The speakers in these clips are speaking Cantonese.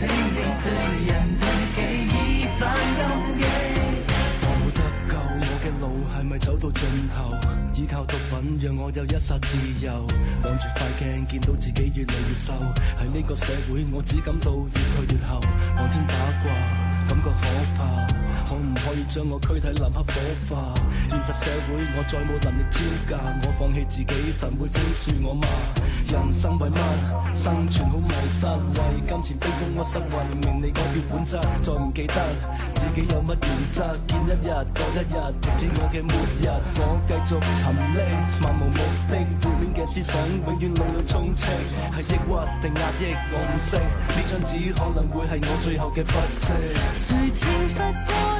請你對人對己以反攻。我冇得救，我嘅路係咪走到盡頭？依靠毒品讓我有一剎自由。望住塊鏡，見到自己越嚟越瘦。喺呢個社會，我只感到越退越後。望天打卦，感覺可怕。可唔可以將我軀體立刻火化？現實社會我再冇能力招架，我放棄自己，神會寬恕我嗎？人生為乜生存好迷失？為金錢卑躬屈膝，為名利改變本質，再唔記得自己有乜原則。見一日過一日，直至我嘅末日，我繼續沉溺，漫無目的負面嘅思想，永遠腦裏充斥，係抑鬱定壓抑,抑，我唔識。呢張紙可能會係我最後嘅筆跡。誰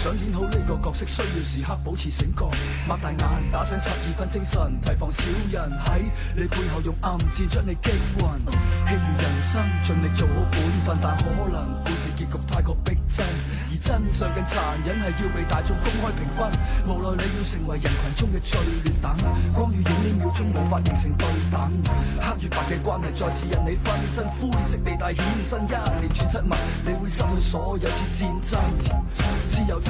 想演好呢個角色，需要時刻保持醒覺，擘大眼，打醒十二分精神，提防小人喺你背後用暗箭將你擊暈。譬如人生，盡力做好本分，但可能故事結局太過逼真。而真相嘅殘忍，係要被大眾公開評分。無奈你要成為人群中嘅最劣等，光與影，呢秒鐘無法形成對等，黑與白嘅關係再次引你分爭。真灰色地帶，顯身，一連串質問，你會失去所有次戰爭。